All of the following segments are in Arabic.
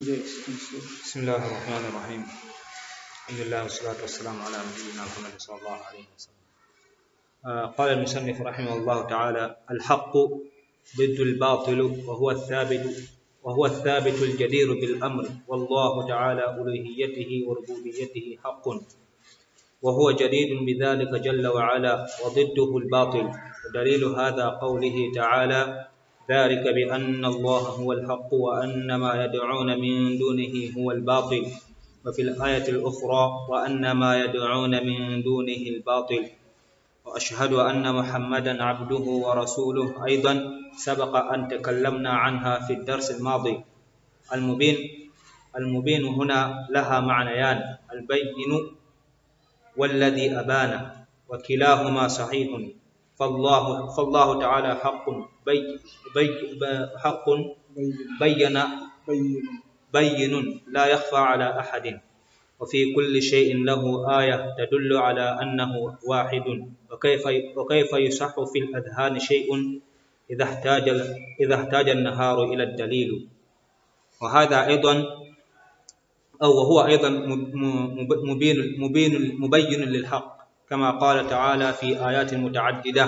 بسم الله الرحمن الرحيم الحمد لله والصلاة والسلام على نبينا محمد صلى الله عليه وسلم قال المصنف رحمه الله تعالى الحق ضد الباطل وهو الثابت وهو الثابت الجدير بالأمر والله تعالى ألوهيته وربوبيته حق وهو جديد بذلك جل وعلا وضده الباطل ودليل هذا قوله تعالى ذلك بأن الله هو الحق وأن ما يدعون من دونه هو الباطل وفي الآية الأخرى وأن ما يدعون من دونه الباطل وأشهد أن محمدا عبده ورسوله أيضا سبق أن تكلمنا عنها في الدرس الماضي المبين المبين هنا لها معنيان البين والذي أبان وكلاهما صحيح فالله فالله تعالى حق بي بي حق بين بين لا يخفى على أحد وفي كل شيء له آية تدل على أنه واحد وكيف وكيف يصح في الأذهان شيء إذا احتاج إذا احتاج النهار إلى الدليل وهذا أيضا أو وهو أيضا مبين مبين مبين للحق كما قال تعالى في آيات متعددة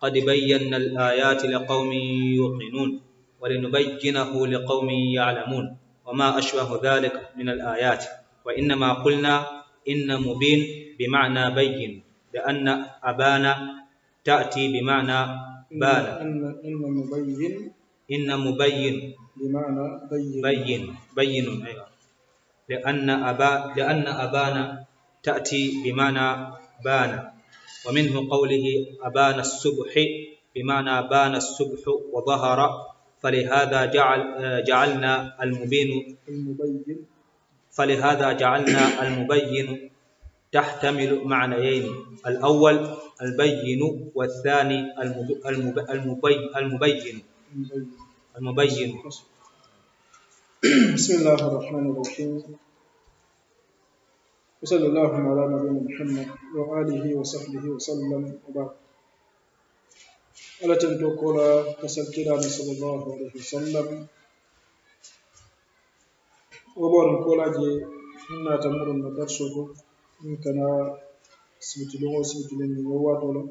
قد بينا الآيات لقوم يوقنون ولنبينه لقوم يعلمون وما أشبه ذلك من الآيات وإنما قلنا إن مبين بمعنى بين لأن أبانا تأتي بمعنى بال إن, إن مبين إن مبين بمعنى بين بين بين أيضا أيوة. لأن أبا لأن أبانا تأتي بمعنى بان ومنه قوله أبان الصبح بمعنى بان الصبح وظهر فلهذا جعل جعلنا المبين المبين فلهذا جعلنا المبين تحتمل معنيين الأول البين والثاني المبين المبين المبين بسم الله الرحمن الرحيم وصلى الله على نبينا محمد وآله وصحبه وسلم وبعد ألا تنتقل كسل صلى الله عليه وسلم وبعد نقول أجي إننا تمر الندرس إن كان سبتلون وسبتلون ووات ولا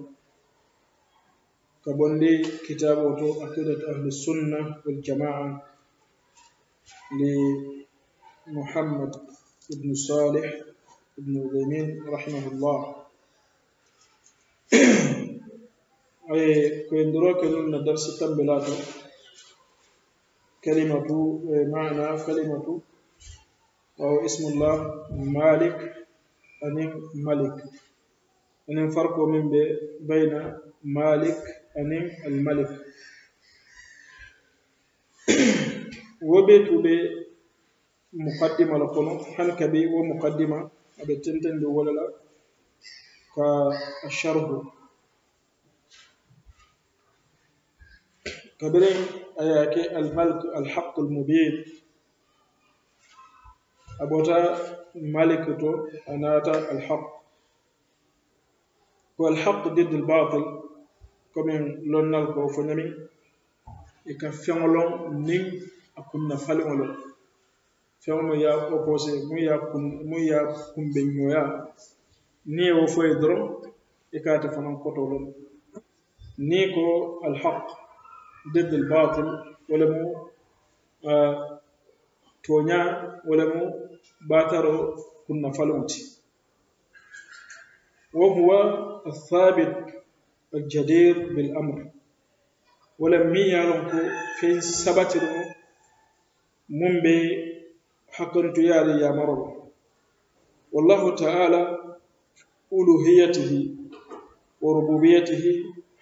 كبندي كتاب وتو أكيدة أهل السنة والجماعة لمحمد ابن صالح ابن عثيمين رحمه الله أي كندرو كنون الدرس تم بلاده كلمة معنى كلمة أو اسم الله مالك أنم ملك أنم فرق من بين مالك أنم الملك وبيت مقدمة لكم حنكبي ومقدمة أبتنتن دولا لا كالشرح كبرين أياك الملك الحق المبين أبوتا ملكته أناتا الحق والحق ضد الباطل كمن لون الكوفنمي يكفيون لون نين أكون لون fɛn min y'a opposé mun y'a kun mun y'a kunbɛn ɲɔya ni y'o fɔ ye dɔrɔn i k'a ta fana kɔtɔ lɔ ni ko alhaq ضد الباطل ولمو آه تونا ولمو باترو كنا فلوتي وهو الثابت الجدير بالأمر ولم يعلمك في سبت من بي حقا تياري يا مرض والله تعالى ألوهيته وربوبيته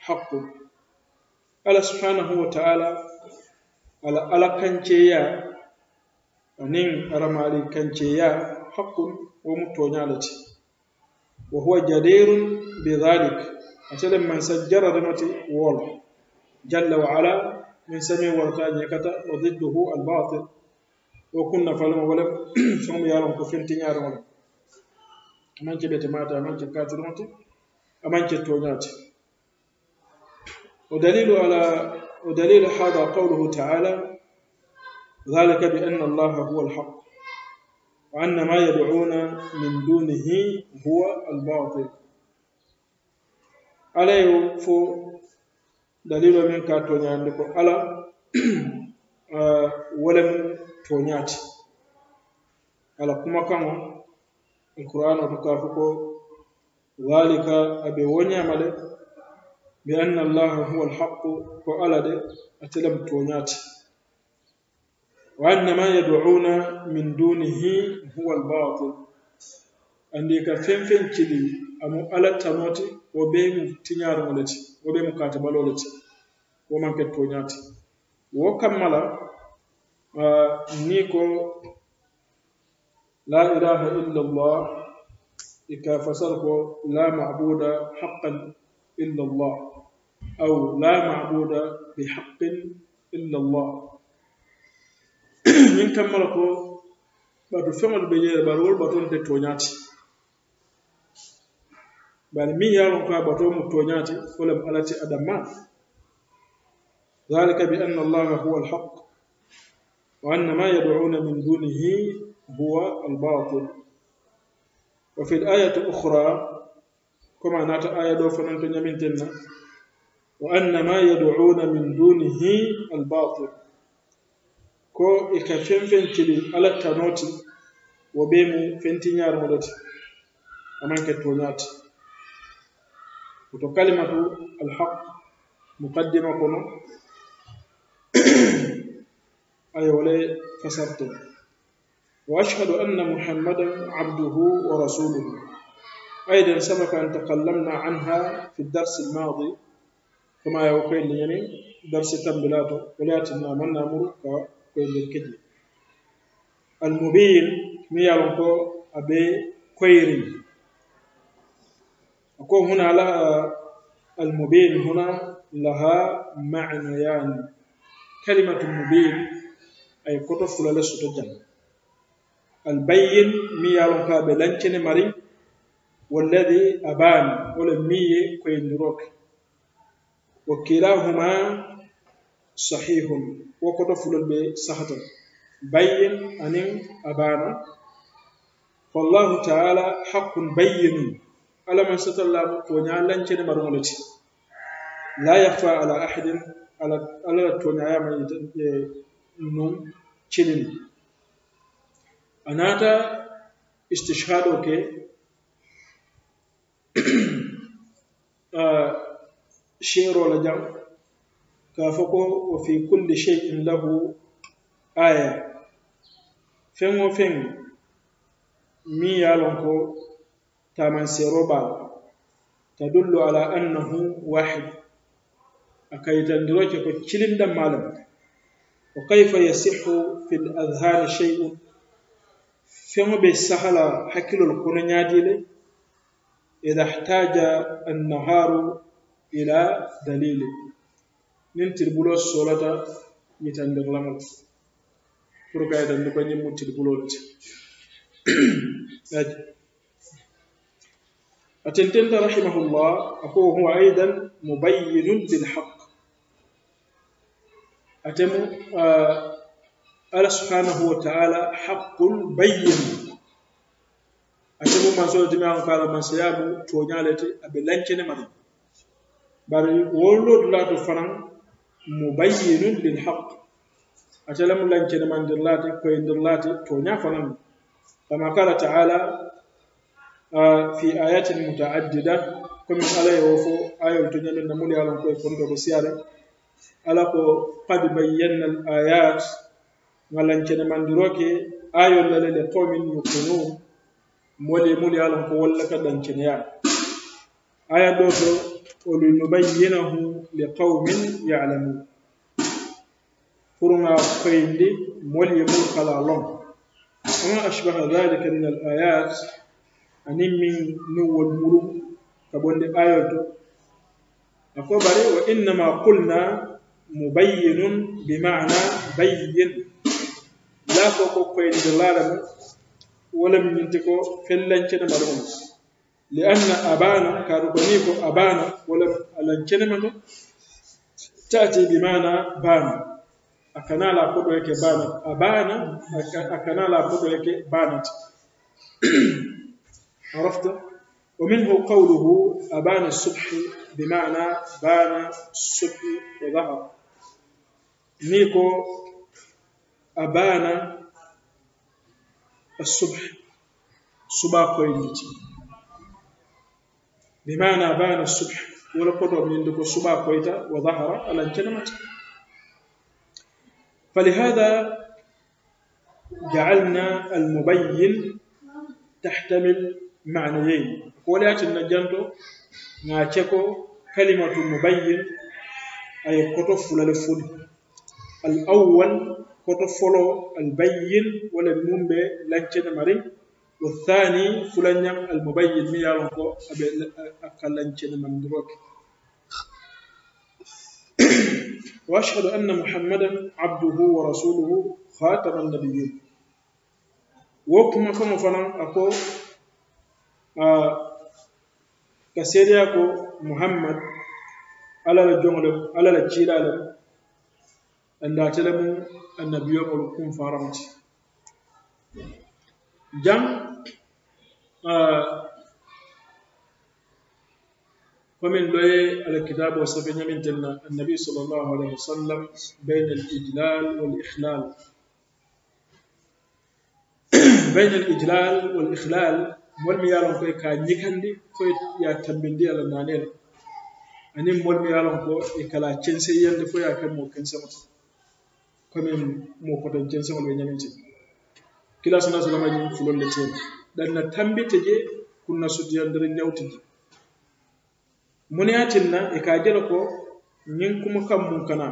حق الله سبحانه وتعالى على على كنشيا أنين أرمالي كنشيا حق ومتونالتي وهو جدير بذلك أتلا من سجر رمتي وال جل وعلا من سمي ورتاني كتا وضده الباطل wo kun nafaloŋo wo le feŋo mu ye a loŋ ko feŋ tiñaariŋo le a maŋ ke bete maata a maŋ ودليل على ودليل هذا قوله تعالى ذلك بأن الله هو الحق وأن ما يدعون من دونه هو الباطل عليه فو دليل من كاتونيا عندكم على ولم toña ala kuma kama alqur'an ka fo ko dhalika abe wo ñama bi anna allah huwa alhaq ko ala de ate lem wa anna ma yad'una min dunihi huwa albatil andika femfen chidi cili amu ala tanoti wo be mu tiñaruŋo le wo be mu katabaloo le wo wo نيكو لا إله إلا الله إكا فسركو لا معبود حقا إلا الله أو لا معبود بحق إلا الله من كم ملكو بعد فمر بيجي بارول بطن تتوناتي بعد مين يعلم كا بطن متوناتي ولم ألاتي أدمان ذلك بأن الله هو الحق وأن ما يدعون من دونه هو الباطل وفي الآية الأخرى كما نعطى آية دوفة ننتنى من تنى وأن ما يدعون من دونه الباطل كو إكفين فنتي على التنوت وبيم فنتي نار مدت أمان كتونات وتكلمة الحق مقدمة كنو أي ولا كسرته وأشهد أن محمدا عبده ورسوله أيضا سبق أن تكلمنا عنها في الدرس الماضي كما يقول يعني درس تنبلاته ولاتنا من نامر كويل الكدي المبين ميالنكو أبي كويري أكون هنا لها المبين هنا لها معنيان يعني كلمة المبين a ye koto fula le soto jam albayin mi ye a lon ko a be lancene mari walladi abani wo le min ye koyindiro ke wa kilahuma sahihun wo koto fulol be sahaton bayin anin abana فالله تعالى حق بين على من ستر الله تونيا لنشن مرمولتي لا يخفى على أحد على على تونيا من non cilin a naata istishhado ke shiro la jam ka fo ko wa fi kulli shay'in lahu aya feŋ wo mi miŋ ye ta ko taamansero baa ta tadullu ala annahu wahid a kayitandiro ke ko cilindan maa malam? وكيف يصح في الأذهان شيء فما بيسهل حكل القرن القنيادي إذا احتاج النهار إلى دليل ننتر بلو الصلاة يتندر لمر فرقا يتندر بني متر بلوت أتنتن رحمه الله هو أيضا مبين للحق أتم آه، ألا سبحانه وتعالى حق بين أتم من سورة ما قال من سيابو تونيا لتي أبلانكين من بل ولد لا تفرن مبين للحق أتلم لانكين من دلاتي كوين دلاتي تونيا فرن كما قال تعالى آه، في آيات متعددة كم آية على يوفو آية تونيا لنمولي على كوين كوين ala ko qad bayyana al ayat walancene mandiroke ayo lele le min yukunu mole mole ala ko walla ka ya aya do do olunubayyinahu li qawmin li pour ya'lamu koyindi mol mole mul kala lon ama ashbaha dhalika min al ayat anin min nuwol muru ka bonde ayol to أقول وإنما قلنا مبين بمعنى بين لا فوق قيد الله ولم ينتقو فلنشن مرون لأن أبانا كاربانيك أبانا ولم ألنشن منه تأتي بمعنى بانا أكنا لا قدو يكي بانا أبانا أكنا لا قدو يكي بانت عرفت؟ ومنه قوله أبان الصبح بمعنى بان الصبح وظهر نيكو أبان الصبح صباح وينتي بمعنى بان الصبح ولقد من عندك صباح ويتا وظهر على الكلمة فلهذا جعلنا المبين تحتمل معنيين kolayatinna janto ŋa ceko kalimatu mubayyin aye koto fulale fuli al awwal koto folo al bayyin wala mum be lancene mari والثاني فلان المبين من يالونكو أقلن من دروك وأشهد أن محمدا عبده ورسوله خاتم النبيين وكما كما فلان أكو آه كسيريا كو محمد على الجمل على الجيل على أن تعلم أن andaate le mu annabiyomolu kun faranti jaŋ ومن لي على الكتاب وصفين من تلنا النبي صلى الله عليه وسلم بين الإجلال والإخلال بين الإجلال والإخلال mol mi yalon koye ka ñikandi foye ya tambindi ala nanere ani mol mi yalon ko e kala cense yende foye ya kan mo ko men mo cense mo ɓe ci kila sona salama ñin fulolle teen na tambite je kunna nyawti ñawtiji muneyatinna e ka jelo ko nyin kuma kam mun kana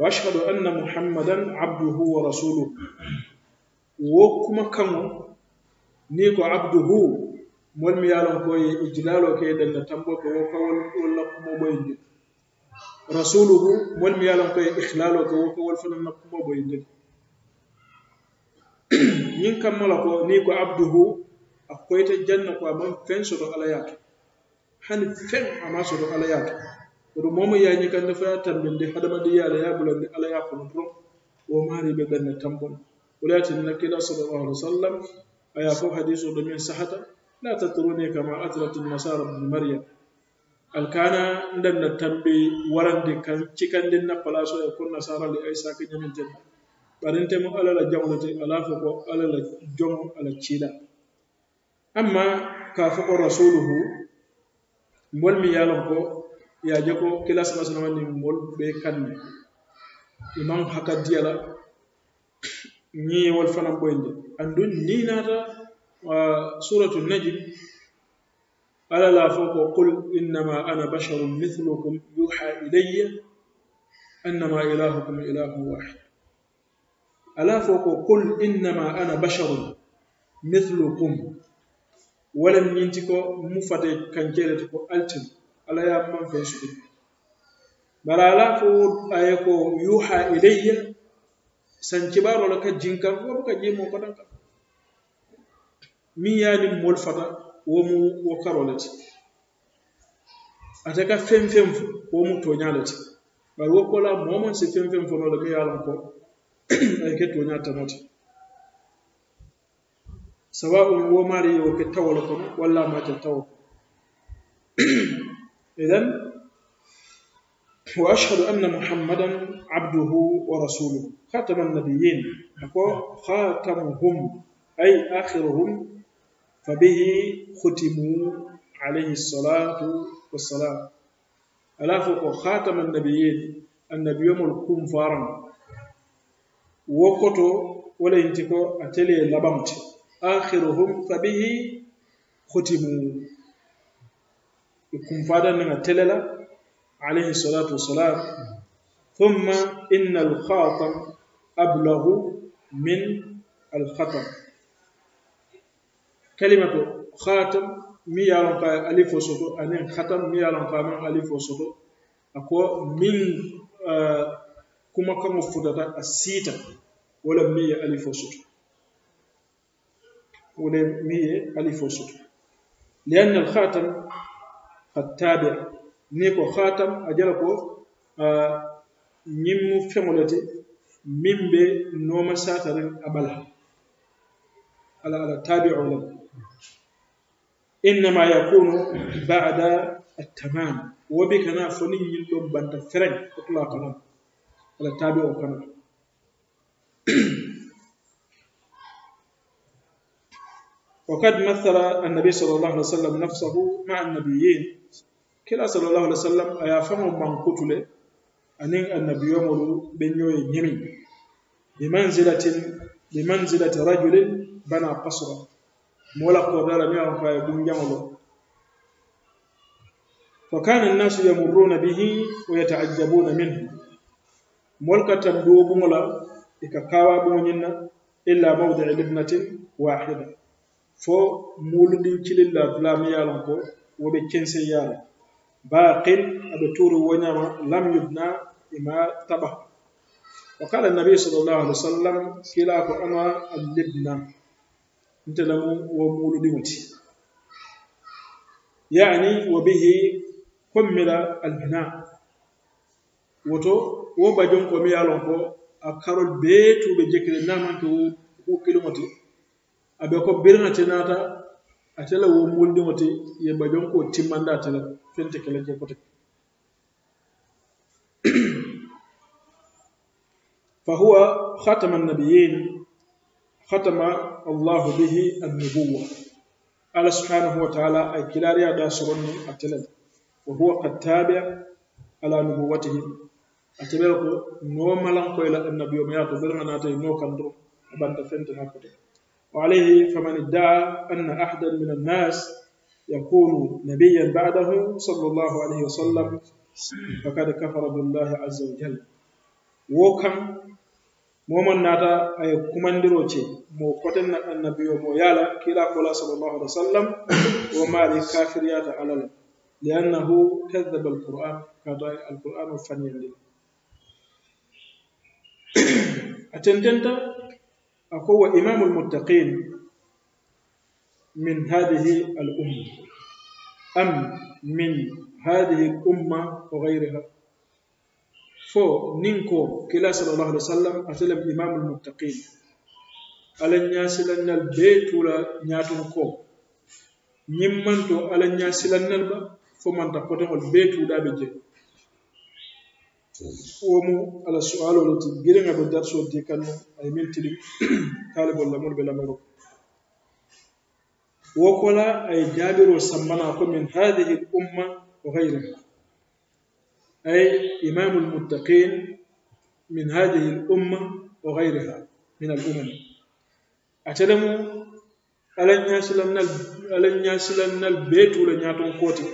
wa ashhadu anna muhammadan abduhu wa rasuluhu. wo kuma kamo ni ko abduhu mol mi yalon ko e ijlalo ke den na tambo ko ko wol wala ko mo boyinde rasuluhu mol mi yalon ko e ikhlalo ko ko wol fana na ko mo boyinde ñiŋ kammala ko ni ko abduhu akwai ta janna ko a maŋ feŋ soto alla ye to hani feŋ a maŋ soto alla ye to woto moo mu ye a ñikandi fo ye ya hadamadiya la ye a bulandi Ko ye kono doroŋ be ganna tambon wala ye tinna kila sallallahu alaihi wa aya ko hadisu domin sahata la tatruni kama atrat al-masar ibn maryam alkana ndan na waran de kan din na palaso ya kunna sara li aisa ka barin barinte mo ala la jawnati ala fa ko ala la jom ala cila amma ka fa ko rasuluhu mol mi yalon ko ya jako kilas kila sallallahu ni mol be kan imam hakadiyala ñiwol fanan ɓoyinde andun ni naata suratu najm ala la fo ko qul innama ana basharun mithlukum yuha ilayya annama ilahukum ilahun wahid ala fo ko qul innama ana basharun mithlukum walam ñinti ko mu fate kankelete ko altin ala ya man fe suɗi bara ala fo aye ko yuha ilayya sancibaro la ka jinkan wo buka jemo kadan ka min yani mol fata wo mu wo karolati ate ka fen fen wo mu toñalati bari wo kola momon si fen fen fono le mi yalan ko ay ke toña tanoti sawa'un wo mari yo ke tawol kono walla ma ke tawol idan وأشهد أن محمدا عبده ورسوله خاتم النبيين خاتمهم أي آخرهم فبه ختموا عليه الصلاة والسلام ألا فوق خاتم النبيين النبي يوم القوم فارن وقتو ولا ينتقو أتلي لبمت آخرهم فبه ختموا يكون من أتلي عليه الصلاة والسلام ثم إن الخاطر أبلغ من الخطر كلمة خاتم mi ye a lɔn ka alifo soto ani hatam mi ye a lɔn ka man alifo soto a ko min uh, kumakaŋo futata a siita wala min ye alifo soto wala min ye alifo soto lianna alhatam qad tabi'a نيكو خاتم أجلكو نيمو فمولتي ميمبي نوما ساترين أبلا على على تابع لهم إنما يكون بعد التمام وبك نافني يلدون بنت فرن إطلاقا على تابع وكنا وقد مثل النبي صلى الله عليه وسلم نفسه مع النبيين kila sallallahu alaihi wasallam aya fama mankutule anin annabiyo molu be nyoy nyemi bi manzilatin bi manzilati rajulin bana qasra mola ko dara mi on faye bu njamolo fa kana an-nasu yamurruna bihi wa yata'ajjabuna minhu molka tan do bu mola e ka kawa bu nyinna illa mawdi'a libnatin wahida fo mulu din cilillah la mi yalon ko wobe kense yalon باق أبو تور ونما لم يبنى إما تبه وقال النبي صلى الله عليه وسلم كلاك أما اللبنى أنت لم ومولد متي يعني وبه كمل البناء woto wo bajon ko mi ye lon ko a karol bee tuube jekkile namanke wo kilimo ti a be ko biriŋa ti naata ate la wo muldiŋo ti ye bajon ko timmanda ate la ventricular hypotension فهو ختم النبيين ختم الله به النبوة على سبحانه وتعالى أي كلاريا داسرني أتلل وهو قد تابع على نبوته أتبعك نوما لنقو إلى النبي ومياته بلغنا ناتي نوكا أبان تفنت وعليه فمن ادعى أن أحدا من الناس يكون نبيا بعده صلى الله عليه وسلم فقد كفر بالله عز وجل وكم momon nata ay kumandiro ce mo koten na annabiyo mo yala kila kola sallallahu alaihi wasallam wa mali kafiriyata alal li'annahu kadhaba alquran kada alquran faniyan lil atendenta akowa imamul muttaqin من هذه الأمة أم من هذه الأمة وغيرها فو نينكو كلا صلى الله عليه وسلم أتلم إمام المتقين على الناس نياسلن البيت ولا نياتنكو نيمانتو ألا نياسلن البيت فمن تقطع البيت ولا بجي ومو على السؤال التي جيرنا بالدرس ودي كانوا أي من تلي طالب ولا مول بلا مرق وقال أي جابر وسمناكم من هذه الأمة وغيرها أي إمام المتقين من هذه الأمة وغيرها من الأمم أتلموا ألن ياسلن ألن يسلمنا البيت ولا نعطون قوتي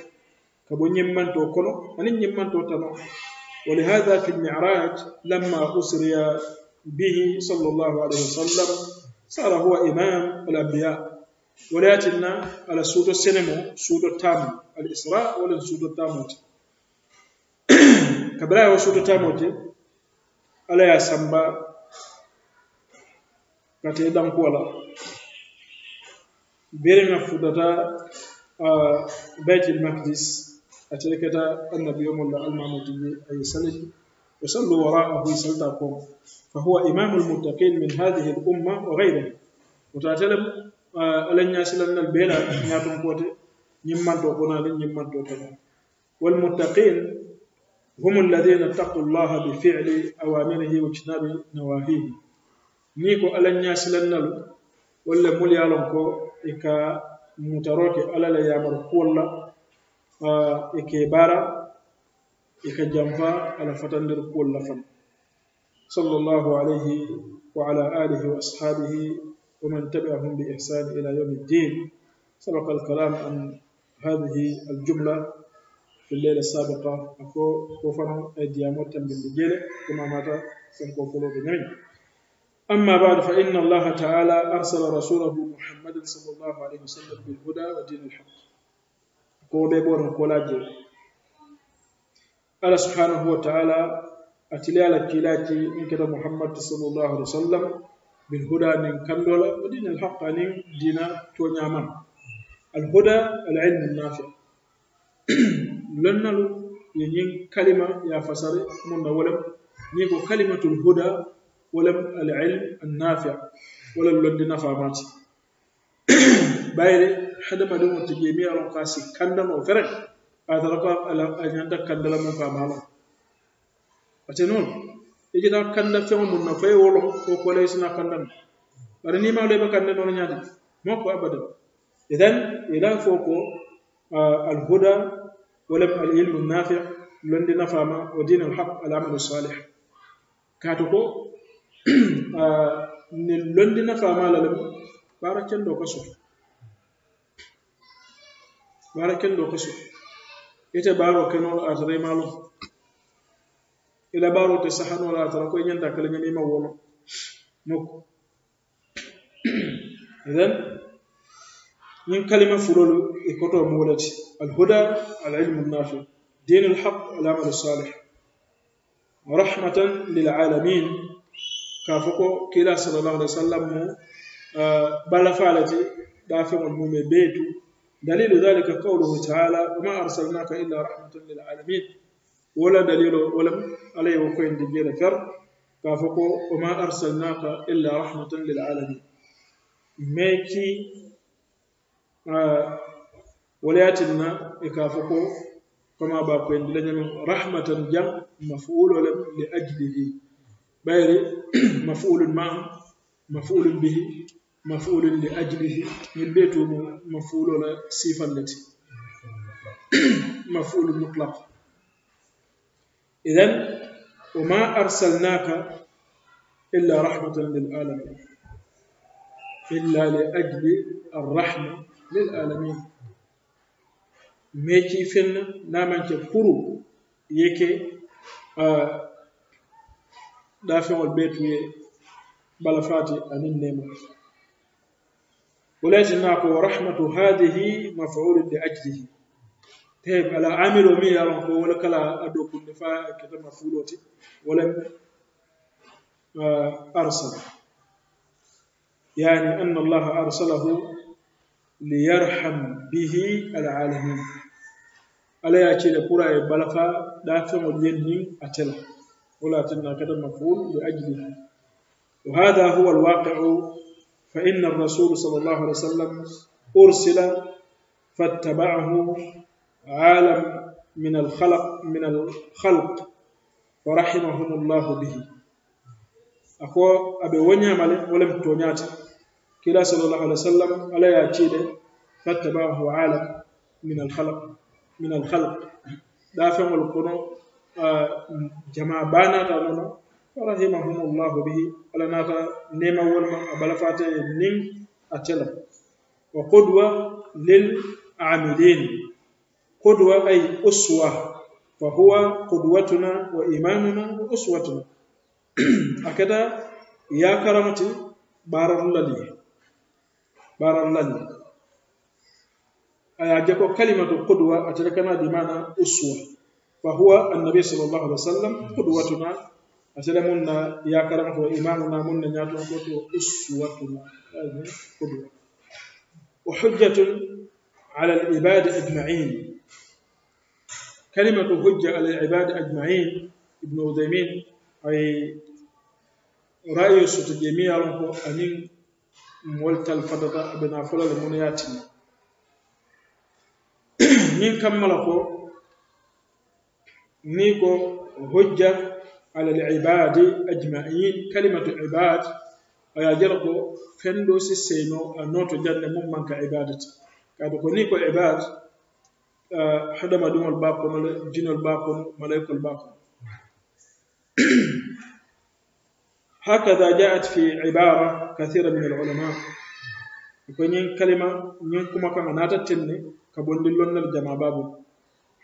كبو نيمان تو كولو أن نيمان تو تما ولهذا في المعراج لما أسري به صلى الله عليه وسلم صار هو إمام الأنبياء ولاتنا على سودو سينمو سودو تام الاسراء ولا سودو تاموت كبرا هو سودو تاموت على يا سامبا كاتي دام كولا بيرنا فودتا آه، بيت المقدس اتركتا النبي يوم الله المعمودي اي سنه يصلوا وراءه يسلطاكم فهو امام المتقين من هذه الامه وغيرها وتعتلم alan ñasilannal beela ñaton kote ñimmanto bonale ñimmanto tama walmuttaqin هم الذين اتقوا الله بفعل أوامره واجتناب نواهيه نيكو ألا الناس لنلو ولا مولي ألنكو إكا متروكي ألا لا يامر كولا إكي بارا إكا جنفا ألا فتندر كولا فن صلى الله عليه وعلى آله وأصحابه ومن تبعهم بإحسان إلى يوم الدين سبق الكلام عن هذه الجملة في الليلة السابقة أكو كوفنا أديامو تنبين بجيلة كما مات سنكو فلو بنمين أما بعد فإن الله تعالى أرسل رسوله محمد صلى الله عليه وسلم بالهدى ودين الحق بيبور بورن كولاجي الله سبحانه وتعالى أتلال كيلاتي من كده محمد صلى الله عليه وسلم بالهدى من كندولا ودين الحق أن يعني دينا تونياما الهدى العلم النافع لن ينين كلمة يا فسر من ولم نيكو كلمة الهدى ولم العلم النافع ولا ولم نفع فامات بايري حدا ما دوم تجيمي على قاسي كندم وفرق هذا رقم أن يندك كندلا من فامالا أتنون i kita kanda feŋo mun na fo ye wo loŋ ko kola i sina kanda ma bari niŋ maa lo i be kanda noona ñaadi ma ko abadan idan ila fo ko alhuda walam alilmu nafic londi nafama wa dina alhaq alamalu salih kaatu ko nin londi nafama la lem baara kendo ka soto baara kendo ka soto ite baaro kenoo atare maa loŋ الى baro te ولا ترى tara ko nyanta kala nyami ma wolo من كلمة فرول إكوتو مولات الهدى العلم النافع دين الحق العمل الصالح ورحمة للعالمين كافوكو كلا صلى الله عليه وسلم آه، بل فعلتي دافع المهم بيتو دليل ذلك قوله تعالى وما أرسلناك إلا رحمة للعالمين ولا دليل ولم عليه وكين دجيل كر كافقو وما أرسلناك إلا رحمة للعالمين ميكي آه ولياتنا كافقو كما باكوين دلنا رحمة جم مفعول لأجله بيري مفعول ما مفعول به مفعول لأجله من بيته مفعول سيفا التي مفعول مطلق إذا وما أرسلناك إلا رحمة للعالمين إلا لأجل الرحمة للعالمين ميكي فن نامن كفرو يكي آه، دافع البيت وي بلفاتي عن النمو ولازم نقول رحمة هذه مفعول لأجله تي بلا عملو مي يرون فو ولا كلا أدو كل نفا كتما فولوتي ولم أرسل يعني أن الله أرسله ليرحم به العالمين ألا يأتي لقرى بلقى دافم اليني أتلا ولا تنا كتما فول لأجله وهذا هو الواقع فإن الرسول صلى الله عليه وسلم أرسل فاتبعه عالم من الخلق من الخلق ورحمهم الله به اكو ابي ونيا مال ولا متونيات كلا صلى الله عليه وسلم على ياتيد فتبعه عالم من الخلق من الخلق دافع القرون جماعة بانا تانونا ورحمهم الله به على ناتا نيما ولما أبلا فاتي نين أتلا وقدوة للعاملين قدوة أي أسوة فهو قدوتنا وإمامنا وأسوتنا أكدا يا كرمتي بار الله بار الله أيعجبك كلمة قدوة أتركنا بمعنى أسوة فهو النبي صلى الله عليه وسلم قدوتنا أسلمنا يا كرمة وإمامنا من نياتنا أسوتنا أيوة، قدوة وحجة على العباد أجمعين كلمة الهجة على العباد أجمعين ابن عثيمين أي رأي صوت جميع أن مولت الفتاة ابن أفلا لمنياتنا من كملكو نيكو هجة على العباد أجمعين كلمة العباد أي أيجرقو فندوسي سينو النوتو جنة ممن كعبادة كادوكو نيكو عباد hadamaɗumol ba kono le dinol ba kono malaikol ba kono هكذا جاءت في عبارة كثيرة من العلماء يكون كلمة ينكم كما ناتتني كبون للون الجماعة بابو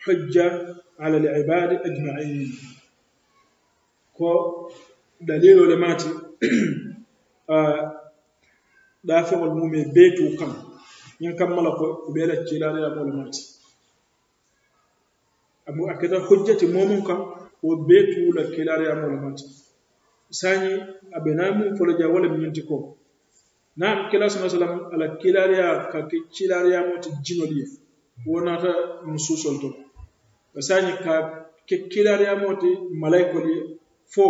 حجة على العباد أجمعين كو دليل لماتي آه دافع المومي بيتو كم ينكمل كو بيلا تشيلا لماتي abu akata hujjati momum kam wo bee tuula kilariyamolu mati isañi abena mum foloja wala ñinti ko naam kila sa sallam ala kilariya ka ke cilariyamoti jinol ye wo naata mu suusol to isañi ka ke kilariyamoti malaykol ye fo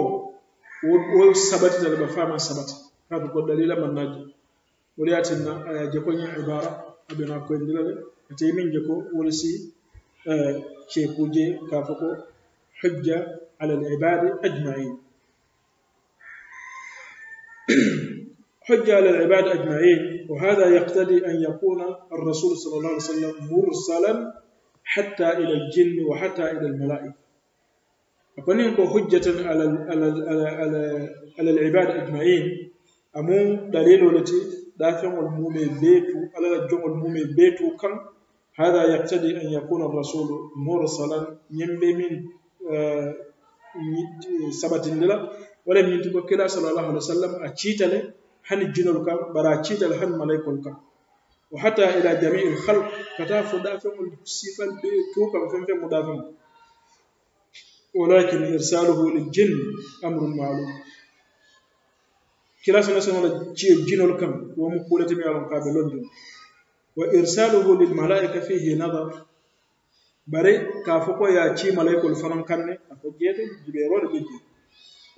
wo sabatita leba fama sabati kaatu ko dalila man naji woliyatinna aya je koñi ibara abena koyndila le ate je ko wolisi شيكوجي كافوكو حجة على العباد أجمعين حجة على العباد أجمعين وهذا يقتضي أن يكون الرسول صلى الله عليه وسلم مرسلا حتى إلى الجن وحتى إلى الملائكة أقول لكم حجة على على على, على, على العباد أجمعين أمو دليل التي دافع المومي بيتو على الجمع المومي بيتو كان هذا يقتضي أن يكون الرسول مرسلا يمبي من آه، سبت للا ولم ينتبه كلا صلى الله عليه وسلم أتشيت له هن الجنول كام برا له هن ملايكول كام وحتى إلى جميع الخلق كتاف دافع السيفا بتوكا فنفع مدافع ولكن إرساله للجن أمر معلوم كلا صلى سنة سنة الجنول كام ومقولة بها من قابل لندن وإرساله للملائكة فيه نظر بري كافوكو يا تشي ملائكة الفرن كان أفوجيت جبيرور بيجي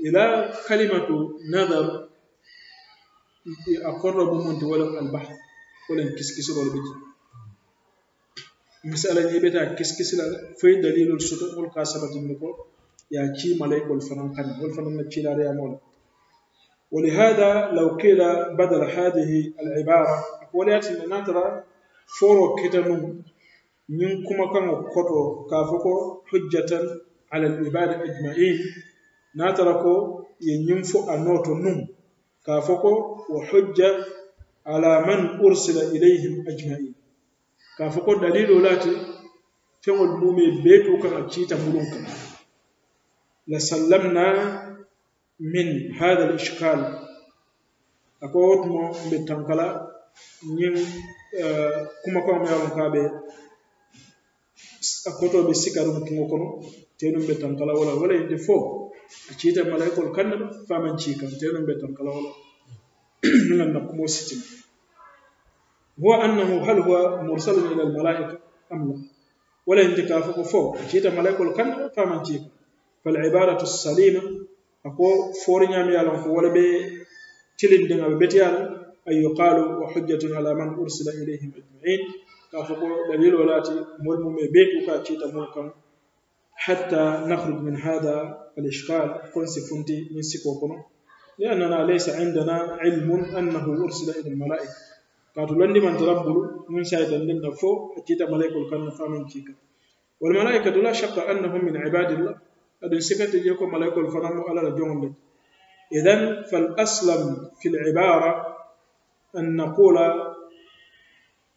إلى كلمة نظر أقرب من دول البحر ولن كسكس ولا بيجي مسألة يبتا كسكسر في دليل السطر والكاسبة جنبكو يا تشي ملائكة الفرن كان والفرن تشي يا مولى ولهذا لو قيل بدل هذه العبارة waleyati da n'an tara foro kitanu yin kuma kan kwato fɔ ko hujjatan alal ibadar ajma'in n'a tara ko yin ɲin a noto nun ko wa hujja ala man ursila ilayhim ajma'in k'a ko dalilu la ti fɛngol mai beto kan a ciita mulun la sallamna min hada al-ishkal ako tuma tankala ñing eh, kuma ko amé alon kabe akoto be sikaru mu kingo kono tenum be tan kala wala wala de fo a ciita malaikol kan na faman ci kan tenum be tan kala wala nan na kuma sitin huwa annahu hal huwa mursalun ila al malaika am la wala inde ka fo fo a ciita malaikol kan na faman ci kan fal ibaratu salima ako fori nyam yalon ko wala be tilin de bi be betiyala أن يقال وحجة على من أرسل إليهم أجمعين كافقو دليل ولاتي مول مبيك وكاتشيتا مولكم حتى نخرج من هذا الإشكال كونسي فندي من سيكوكونا لأننا ليس عندنا علم أنه أرسل إلى الملائكة كاتولندي من تربل من شاهد لنا فو أتيتا ملائكة الكلام فامن كيكا والملائكة لا شك أنهم من عباد الله أدن سكت يكون ملائكة الفنم على الجملة إذن فالأسلم في العبارة أن نقول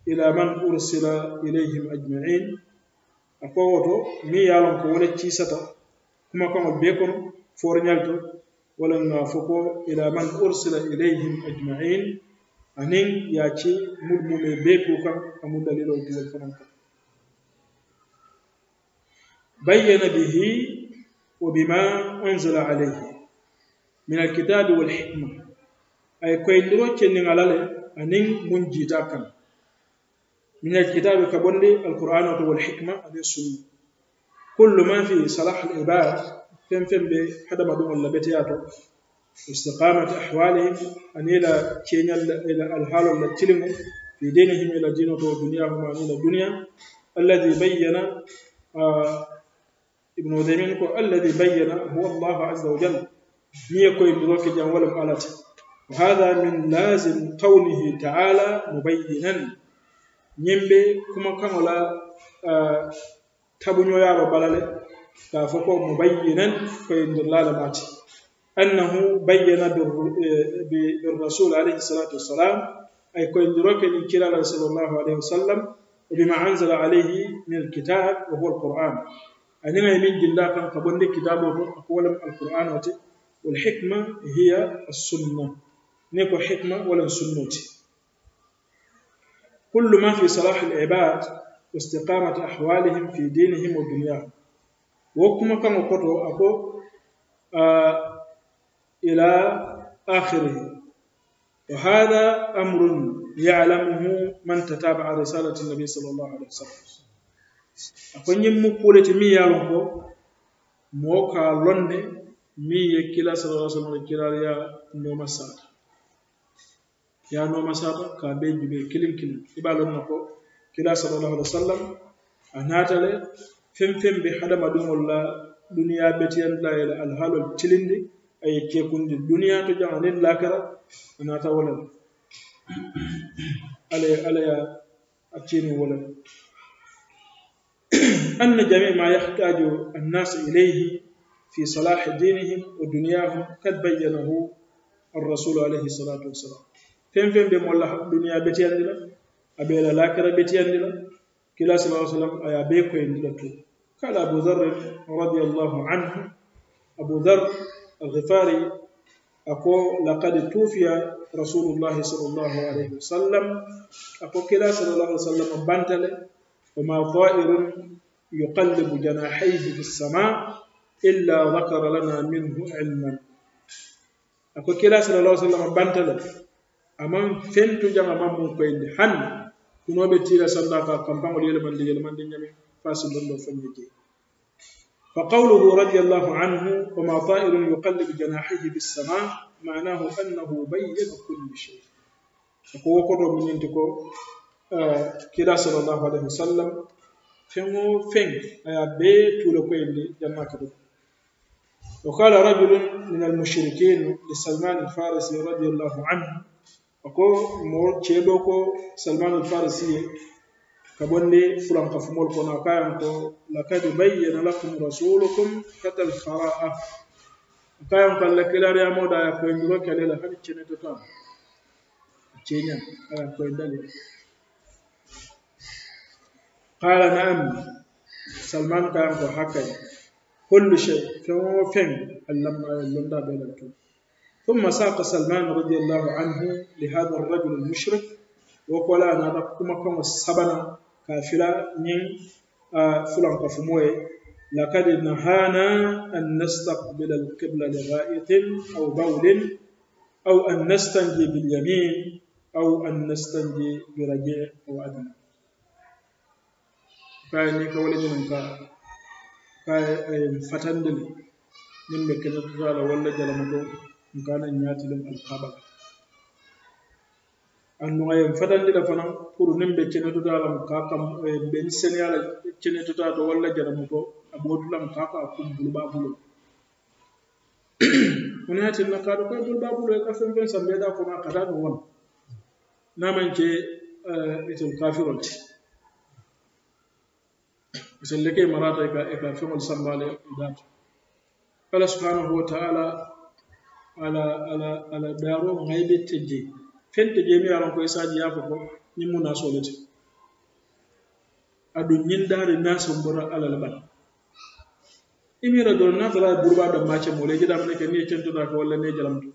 إلى من أرسل إليهم أجمعين أقوى مي يالون كولا تشيسة كما كان بيكون فورنيالتو ولن فوكو إلى من أرسل إليهم أجمعين أنين ياتي مدمومي بيكو كان أمود دليل وكذا كمان بين به وبما أنزل عليه من الكتاب والحكمة ay koyndiro kennin alale anin mun jiita kan من الكتاب كبولي القرآن والحكمة أدي السنة كل ما في صلاح العباد فين فين بحدا ما دون اللبتياتو استقامة أحوالهم أن إلى كينيا إلى الحال التلمو في دينهم إلى دينه ودنياهم إلى الدنيا الذي بين ابن عثيمين الذي بين هو الله عز وجل ميكو يبدو كجان ولم ألت وهذا من لازم قوله تعالى مبينا نيمبي كما كان آه، لا يا يارو بالالي فوكو مبينا فين دلالة ماتي أنه بين آه، بالرسول عليه الصلاة والسلام أي كون دروك الكلام رسول الله عليه وسلم بما أنزل عليه من الكتاب وهو القرآن أننا يمين جلا كان قبل كتابه هو القرآن والحكمة هي السنة نيكو حكمة ولا سنوتي كل ما في صلاح العباد واستقامة أحوالهم في دينهم ودنياهم وكما كان قطو أكو آه إلى آخره وهذا أمر يعلمه من تتابع رسالة النبي صلى الله عليه وسلم أكو يمو قولة مي يالوكو موكا لوني مي يكلا صلى الله عليه وسلم كلا ريا نوم السادة يا نوما ساتا كان جبي كلم كلم إبالون نكو كلا صلى الله عليه وسلم أنا تل فم فم بحدا ما دون الله دنيا بتيان لا إلى الحال تلندي أي كيكون الدنيا تجا عن لا كرا أنا تولى على على أتين ولا أن جميع ما يحتاج الناس إليه في صلاح دينهم ودنياهم قد بينه الرسول عليه الصلاة والسلام fen fen be molla duniya betiyandi la a be la lakira betiyandi la kila sallallahu alaihi wasallam aya be koyndi la tu kala abu dharr radiyallahu anhu abu dharr al-ghifari ako laqad tufiya rasulullahi sallallahu alaihi wasallam ako kila sallallahu alaihi wasallam bantale وما طائر يقلب جناحيه في السماء إلا ذكر لنا منه علما أكو كلا صلى الله عليه وسلم بنتله aman fentu jang aman mun koy indi han kuno be tira sanda ka man yelmande man nyami don do fami je fa qawluhu radiyallahu anhu wa ma ta'irun yuqallibu janahihi bis sama ma'nahu annahu bayyana kulli shay ko ko do mun yenti ko kila sallallahu alaihi wasallam fengo feng aya be tulo ko indi jamma ka وقال رجل من المشركين لسلمان الفارسي رضي الله عنه ako mo ceeɗo ko salman alfarisiye ka bonde fulankafumol kono a kayan ko lakad bayyana lakum rasulukum katal faraa a kayan ko allah kilaryamoɗa aya koyndiro kelela hani cenete to an ceñan aya koyndali qala naam salman kayan ko hakkay kullu shay fen o fen allah ma lomda ɓelal ken ثم ساق سلمان رضي الله عنه لهذا الرجل المشرك وقال أنا كما كان السبنا كافلا نين آه، فلان كفموي لقد نهانا أن نستقبل القبلة لغائط أو بول أو أن نستنجي باليمين أو أن نستنجي برجع أو أدنى فاني كولد من جنكا كاي فتندل من تجالا ولا جلا مدوكا an yatilim alkhabar annoye fadandira fana pour nin ɓe kenetutalam ka kam ɓeni eh, seneyala kenetuta to walla jaramu to a ɓotulam ka ka kum bulbabulo onayatinna kaɗo koye bulbabulo e ka fen fen sambeɗa kono a kata ɗo won namanke etel eh, kafirolti sallake marata eka eka feŋol sambale ɗato allah subhanahu wa taala ala ala ala daro ngaybe tejji fente jemi mi yaron ko isaji ya ko ni mun na adu nyin dare na sombora ala laban imira do na tara burba da mace mole gida mun ke ni cento da ko walla ne jalamto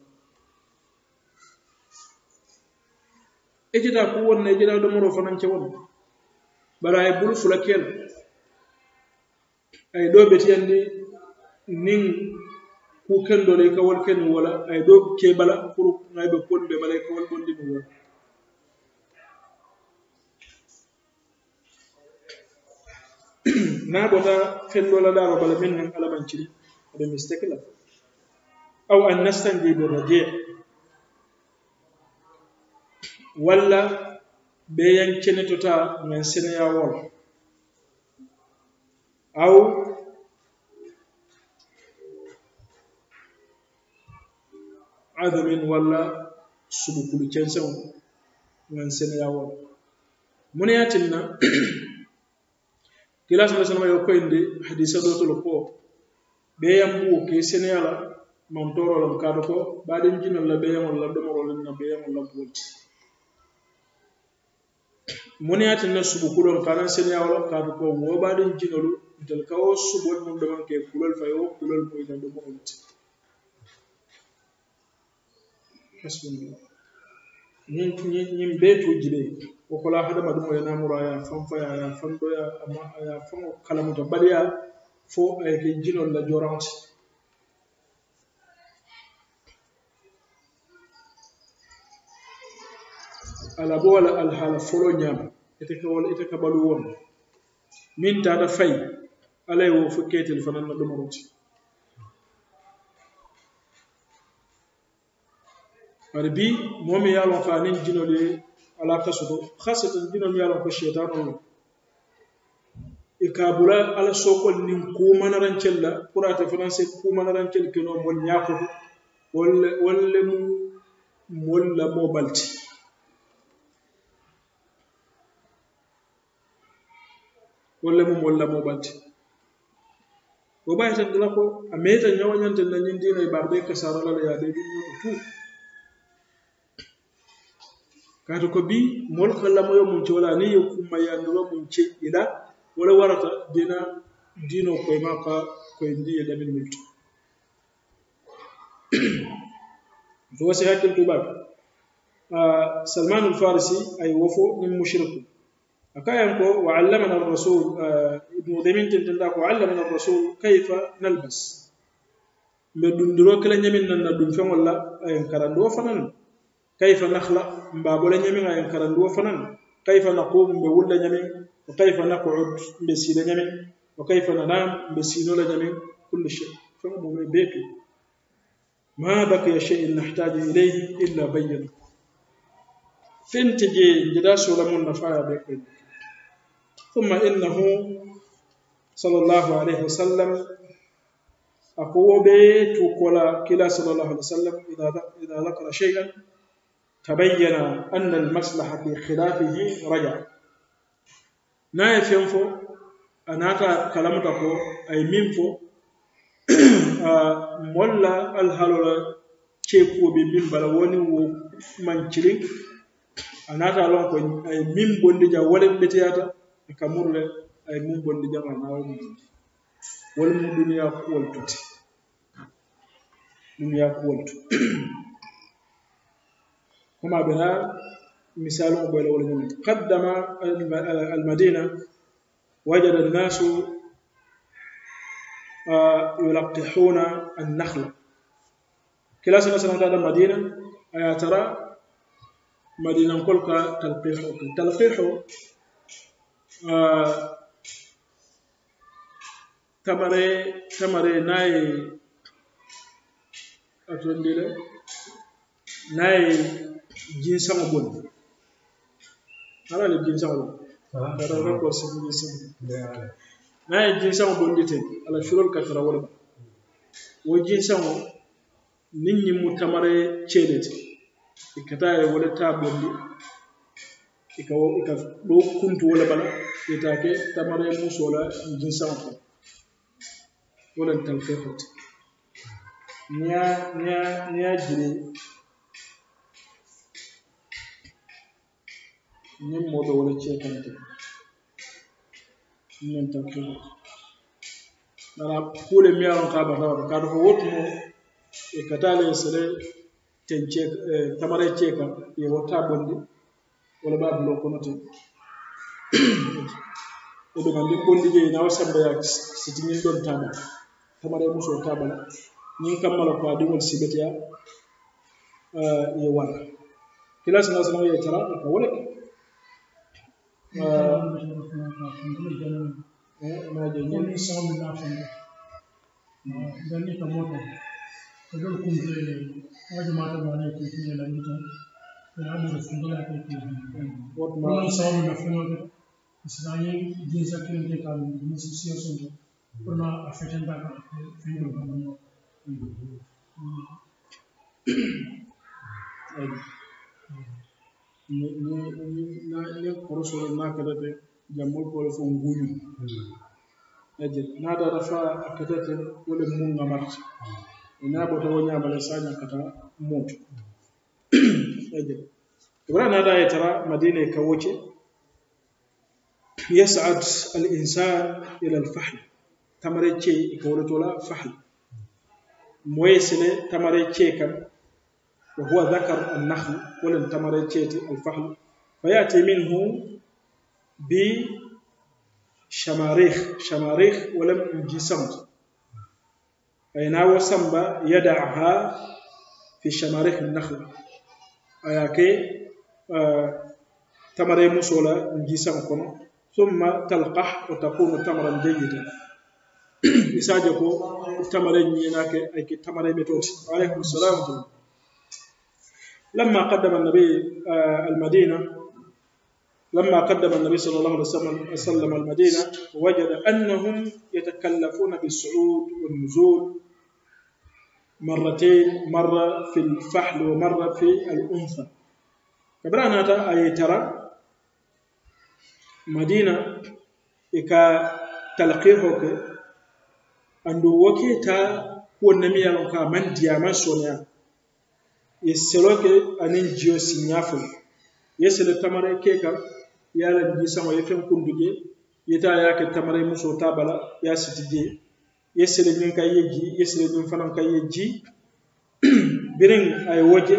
ejida ko wonna ejida do moro fanan ce won bara ay e bul fulakel ay do ni ku kendo ne kawol kenu wala ay do ke bala pour ngay be pon be bala kawol bondi mo wala na bota kendo la daro bala min han ala banci ni be mistake la aw an nastan di be raje wala be yan cene tota men sene ya wol aw adabin walla subukul cɛncɛnw ngan seneya wɔn mun y'a tinna kila sa sama yo koyndi hadisa do to lopo be yam ke la man tɔɔrɔ la k'a ko baden la be yam la dɔmɔrɔlen na be yam la bɔl mun y'a tinna subukulu kanan seneya wɔlɔ k'a ko wɔ baden jinɛ lu dalkawo subol mun dama kɛ kulol fa yɔ kulol boyi na dɔmɔrɔlen hasbunallah ñiŋ ñiŋ bee tu jibe wo ko la hadamadiŋo ye naamuro a ye a faŋ fo ye a ye a faŋ doya a ma a ye a faŋo kalamuta baliya fo a ye ke jinol la joraŋo si ala bo wala alhaala folo ñaama ite ka wala ite ka balu won min taata fayi ala ye wo fo keetel fanaŋ na domoroti bari bi mɔɔ min y'a lɔn k'a ni jinɛw ala ka soto hasatan jinɛw min y'a lɔn ko shetanu no ikabula ala sokol nin kumanarancel la pour ate fananse kumanarancel keno mol ñakoto wolle wolle mu mol la mo balti wolle mu mol la mo balti wo bayitan dila ko a meta ñawañantel na ñin dina e ɓaɓe kasaralala yaade ɗum ñoto tout kaatu ko bi moolu ka lamoyo muŋ ke wala aniŋ ye kummayandiro muŋ ke i la wo le warata dina diino koyima ka koyindi ye damin mil to to wo si hakkil tubaabe salman alfarisi ay wo fo niŋ mushiriku a ka yan ko wa allamana alrasul ibnu udaymin tintinda ko allamana alrasul kayfa nalbas mbe dundiro kila ñamin nan na dun feŋol la ayen karandi wo fanaŋ كيف نخلق مبابولا نيمين أي كرندو فنان كيف نقوم بولا نيمين وكيف نقعد بسيلا نيمين وكيف ننام بسيلا نيمين كل شيء من بيتو ما بقي شيء نحتاج إليه إلا فين تجي جداس لمن نفايا بيكو ثم إنه صلى الله عليه وسلم أقوى بيت وكلا كلا صلى الله عليه وسلم إذا ذكر شيئا تبين أن المصلحة في خلافه رجع ناي فينفو أناك كلامتكو أي مينفو مولا الهلول كيكو بمين بلواني ومانشرين أناك لونكو أي مين بوندجا ولم بتياتا كمورل أي مين بوندجا مناوي ولم دنيا كولتو دنيا كولتو وما بها مثال قبل ولدنا قدم المدينة وجد الناس آه، يلقحون النخل كلا سنة سنة هذا المدينة أيا ترى مدينة كلها تلقيح تلقيح آه، تمري تمري ناي atondile ناي ginsan bon ana ne ni gun kada wani ko sun ginsan na yi dite ala shurul ka tara wala wo nin mutamare ikata ya wala ta bondi ika ika do kuntu wala bala ita ke tamare musola sama ko wala talfefat nya nya nya jini ñun moo doon a ni mmoja wala chekante min tawkido nana kule miyano ka bartawata kaata ko wottumo e katale sele ten ceek tamara ceeka ye wotta bonde wala baa ba bulo kono te e si ci ñu doon samboya siti ñin ɗon ñu ngi kam malakwa di kammala si a ɗumol sibeteya ye wala kilasina sana yee tara aka woleke gani ka moto ka dol kumple waji mata ba ne ko ne la mutan ya abu da sun dole ko ko what ma wani sawu na fuma ga islami din sa kiran ke kan mun su siya sun ko kuma a fitan da ka fin da kuma ne korosoro n'a ka kɛra ten jamu bɔra fɔ nguyu ɛjɛ n'a dara fa a kɛra ten o le mun ka mara n'a bɔtɔ o ɲamala sa ɲa ka taa mun ɛjɛ tubara n'a da hmm. ya hmm. e tara madina e ka wuce yas'ad al-insan ila al-fahl tamare ce ka wurtola fahl hmm. moye sene tamare ce kan وهو ذكر النخل ولم تيتي الفحل فيأتي منه بشماريخ شماريخ ولم يجي سمت ناو وسمبا يدعها في شماريخ النخل اي كي آه، تمر مسولا يجي سمكم ثم تلقح وتكون تمرا جيدا إساجكو تمر نيناك أيكي تمر متوسط عليكم السلام ورحمة الله لما قدم النبي آه، المدينة لما قدم النبي صلى الله عليه وسلم المدينة وجد أنهم يتكلفون بالصعود والنزول مرتين مرة في الفحل ومرة في الأنثى فبرانا أي ترى مدينة إكا تلقيهوك أندو وكيتا هو النمية لنكا من ديامان سونيا yeselo ke anin jio sinya fo yeselo tamare ke ka yala bi sama yefen kunduge yeta ya ke tamare muso tabala ya sitije yeselo min kay yeji yeselo min fanan kay yeji birin ay woje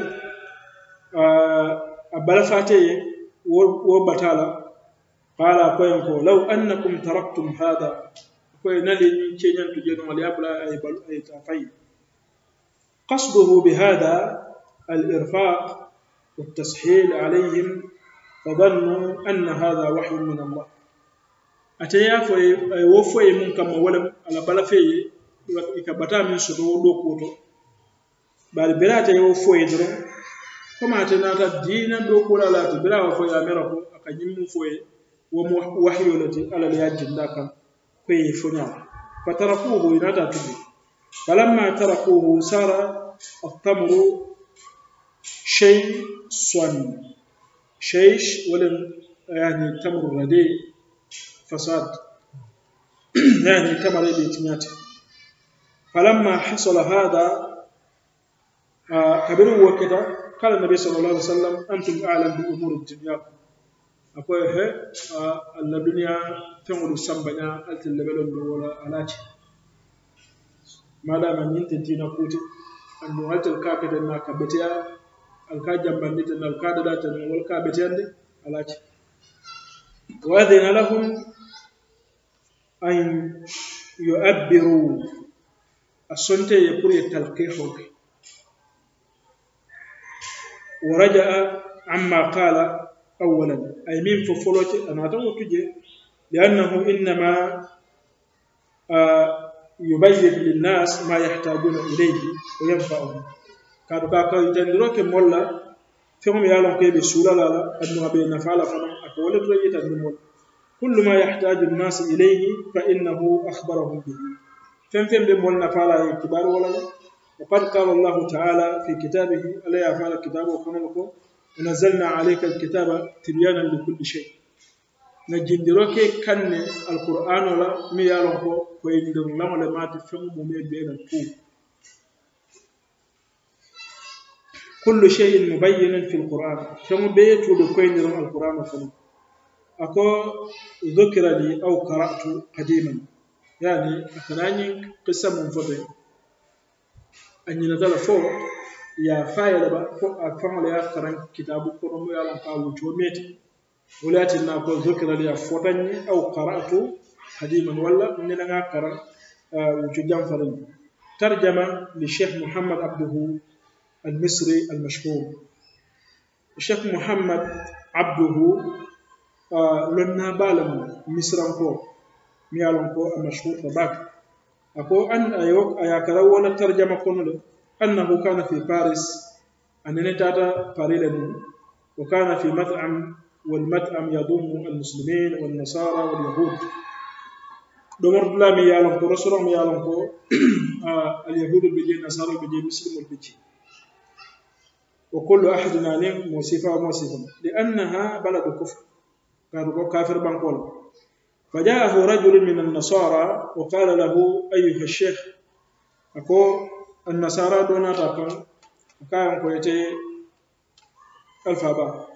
a bala fate ye wo batala qala koyen ko law annakum taraktum hada koye nali ni ceñantuje no wala yabla ay bal ay ta fayi qasduhu hada. الإرفاق والتسحيل عليهم فظنوا أن هذا وحي من الله ate yafoye wo foye mun kamma wala ala bala feye ika bata min soto wo ɗo kuwoto bari bira ate wo foye doron comme ate nata dina ɗo kuwola ala ate bira wa foye amera ko aka ñimmu foye womo wahiyolati ala le yajjinda kam koye foñawa fatarakuhu inata tubi falamma tarakuhu sara altamru شيء صن شيش ولن يعني تمر لدي فساد يعني تمر الاتمات فلما حصل هذا آه، كبروا وكذا قال النبي صلى الله عليه وسلم أنتم أعلم بأمور الدنيا أقول ها إيه، آه، الدنيا تمر سبنا ألت اللبلون ولا علاج ما دام أنت دينا كوتي أن ألت الكاكد أنك بتيا alka jambanditen alka ɗaɗaten wolka ɓetende alaci وأذن لهم أن يعبروا السنت يقول التلقيح ورجع عما قال أولا أي من ففلوت أنا تجي لأنه إنما يبين للناس ما يحتاجون إليه وينفعهم kaatu ka kawitandiro ke mol la feŋo mu ye a loŋ ko i be suula la la aduŋ a be nafa la fanaŋ a ko wo le tara yitandi mol kullu ma yahtaju nnaasu ilayhi fa innahu akhbarahum bihi feŋ feŋ be mol nafa la ye kibaari wo la la وقد قال الله تعالى في كتابه ألا يفعل كتابه وكنمكو ونزلنا عليك الكتاب تبيانا لكل شيء نجندرو كي كان القرآن ولا ميالوكو كوين دون لما لما تفهم ممي بين الكوب كل شيء مبين في القرآن كم بيت لكين القرآن فلو أكو ذكر لي أو قرأت قديما يعني أكناني قصة من فضل أن ينزل فوق يا فايل با أفهم لي أخران كتاب القرآن يا لقا وجوميت ولكن أكو ذكر لي فوتني أو قرأت قديما ولا من أنا قرأ آه، وجوجان فلو ترجمة للشيخ محمد عبده المصري المشهور الشيخ محمد عبده آه، لنا بالم مصر انكو ميال انكو المشهور فباك أكو أن أيوك أياكرا ولا ترجمة كونل أنه كان في باريس أن نتاتا باريلن وكان في مطعم والمطعم يضم المسلمين والنصارى واليهود دمر بلا انكو رسول ميال انكو آه، اليهود بيجي النصارى بيجي مسلم بيجي وكل أحد عليهم موسيفا وموصفا لأنها بلد كفر كانوا كافر بنقول فجاءه رجل من النصارى وقال له أيها الشيخ أكو النصارى دون رقم كان كويتي الفابا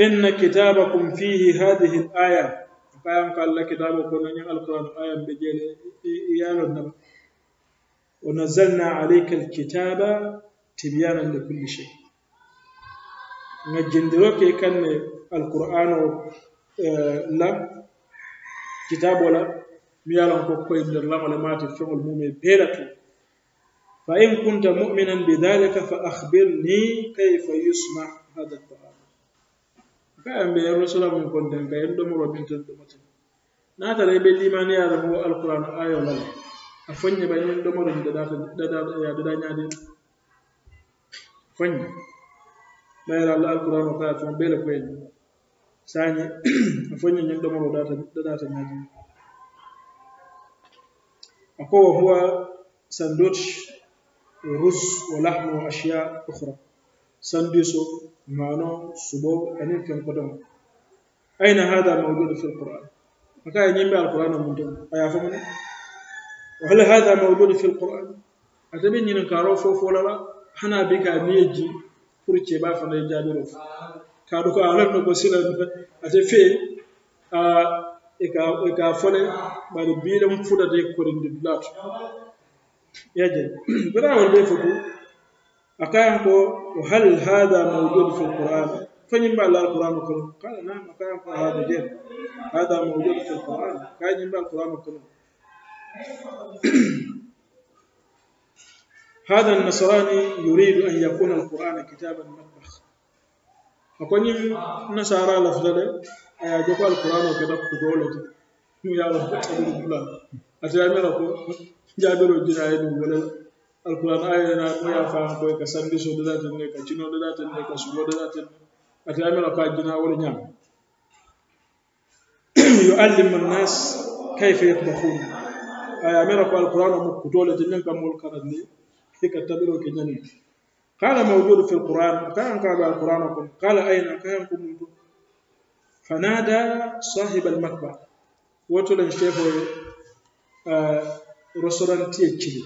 إن كتابكم فيه هذه الآية كان قال كتابكم أن القرآن آية بجيل إيال ونزلنا عليك الكتاب تبيانا لكل شيء نجندرو كي كان القرآن آه، لا كتاب ولا ميالاً كو كوي الله ولا مات فعل المومي بيلتو فإن كنت مؤمنا بذلك فأخبرني كيف يسمع هذا الطعام كأن الرسول من كنت كأن دمر من تدمتنا ناتر أن يا رب القرآن آية ولا أفني بين دمر ددا ددا ددا خن ما يرى الله القرآن وقاعد من بيل خن ساني خن يجند مر ودات ودات ناجي أكو هو سندوتش رز ولحم وأشياء أخرى سندوسو معنو سبو أنين كم قدم أين هذا موجود في القرآن؟ أكاي نيمبا القرآن مدن أيا فهمنا؟ وهل هذا موجود في القرآن؟ أتبين ينكارو فوفو لا hana bi ka ni ji furce ba fa da jabiru ka duka alam no basira a te fe a e ka e ka fone ba da bilan fuda da korin da blat yaje bara wal be fuku aka ko hal hada mawjud fi alquran fanyin ba Allah alquran ko kana na aka ko hada je hada mawjud fi alquran kanyin ba alquran ko هذا النصراني يريد أن يكون القرآن كتابا مطبخ أكوني نصارى لفظة أيجوكو القرآن وكتاب وكذا نو يا رب أبو الله أتعمل أكو جابر الجنائي ولا القرآن آيانا ويا فاهم كوي كسندي سو دلات النية كجنو دلات النية كسبو دلات النية أتعمل أكو الجنائي ولا نعم يعلم الناس كيف يطبخون أيامنا القرآن مكتولة جنة كمول كرد تكتبرو كجني قال موجود في القرآن كان قال القرآن قال أين كان فنادى صاحب المكبة وتلن شيخه آه تيتشي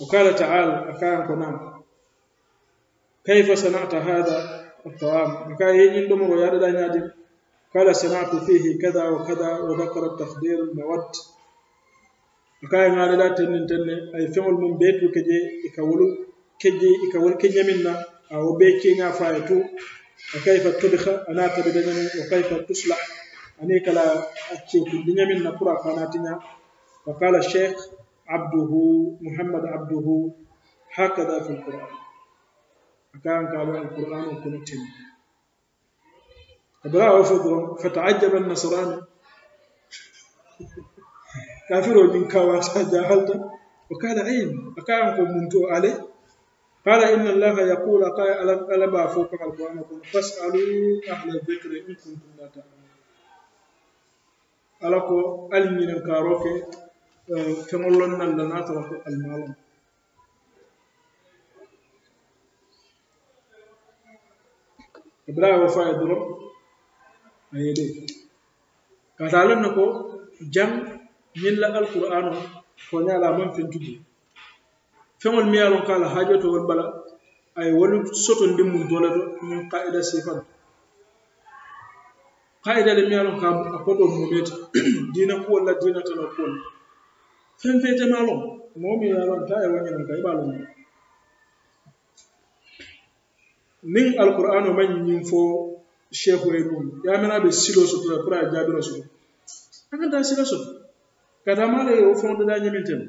وقال تعالى كان كنام كيف صنعت هذا الطعام وكان يجين دمر ويادة قال صنعت فيه كذا وكذا وذكر التخدير المود kay ngare la tenne tenne ay feŋol mum beetu keje e kawulu keje e kawul ke nyaminna na a wo be keŋa faye tu a kayfa tudkha ana tabi dañamin wa kayfa tusla ani kala a ceeku diñamin na pour a fana wa kala sheikh abduhu muhammad abduhu hakada fi lquran a kala kaalo alquran o tin tenni abra wo fo doron an-nasrani كافروا من kawata jahalta o عين ilm akayan ko قال إن الله يقول قال ألبا فوق القرآن فاسألوا أهل الذكر إن كنتم لا تعلمون ألقوا ألمين كاروك فمولنا آه، لنا ترك المال إبراهيم وفاء درب أيدي قال لنا جم ñiŋ la alqur'ano ko ñaa la a maŋ feŋ tuji feŋolu miŋ ye a loŋ ka a bala a ye wolu sotondi muŋ to le to ñiŋ kaida sifaŋ kaida le miŋ ye a loŋ ka a koto muumee ti diina kuwolu la diina tala kuwolu feŋ fee te maa loŋ moo miŋ ye a loŋ taa ye wo ñiniŋ ka i a loŋ fo sheekhu ye duŋ mena be siloo soto la pour a ye jaabiro soto a soto katamala yo fontoda ñimintin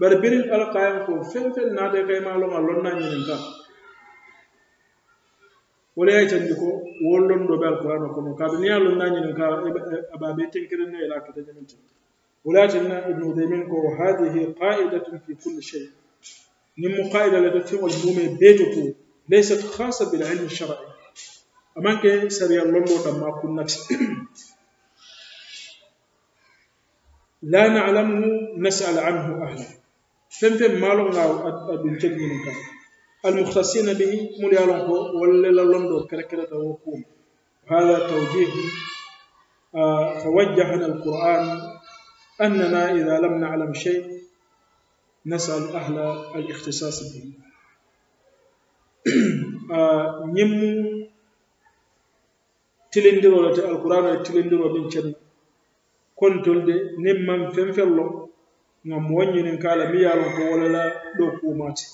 bari birin ala kayan ko fen fen naate kayma longa lonna ñinin ka wala yay canji ko wol londo be alqur'ano kono kaade niya lonna ñinin ka ababe tenkirine ila kata ñimintin ولكن ابن عثيمين وهذه قاعدة في كل شيء نمو قاعدة لدفن والمومي بيجوكو ليست خاصة بالعلم الشرعي أما كي سريع الله لما كنت لا نعلمه نسأل عنه أهلا فم فم مالو ناو أدون تجمين كان المختصين به مليالون كو ولا لندو كركرة وقوم هذا توجيه آه، فوجهنا القرآن أننا إذا لم نعلم شيء نسأل أهل الاختصاص به آه، نمو تلندرو القرآن تلندرو من kontolde niŋ maŋ feŋ feŋ loŋ ŋa moo ñiniŋ ka a la miŋ ye a loŋ ko wo le la ɗo kuumaati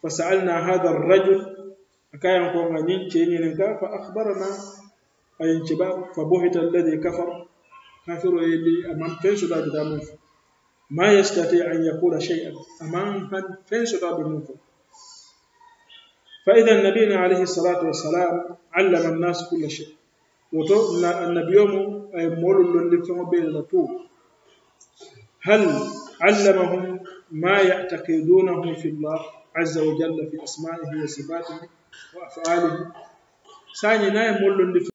fa sa'alna hada rajul a ka yaŋ ko ŋa ñiŋ kee ñiniŋ ka fa akhbarana a ye kibar fa buhita alladi kafar kafiro ye li a maŋ feŋ sotaa bi daa muŋ fo ma yastati an yaqula shay'an a maŋ feŋ sotaa bi muŋ fo فإذا النبي عليه الصلاة والسلام علم الناس كل شيء وتو النبي يوم أي مولو بين لفهم هل علمهم ما يعتقدونه في الله عز وجل في أسمائه وصفاته وأفعاله ثاني لا مولو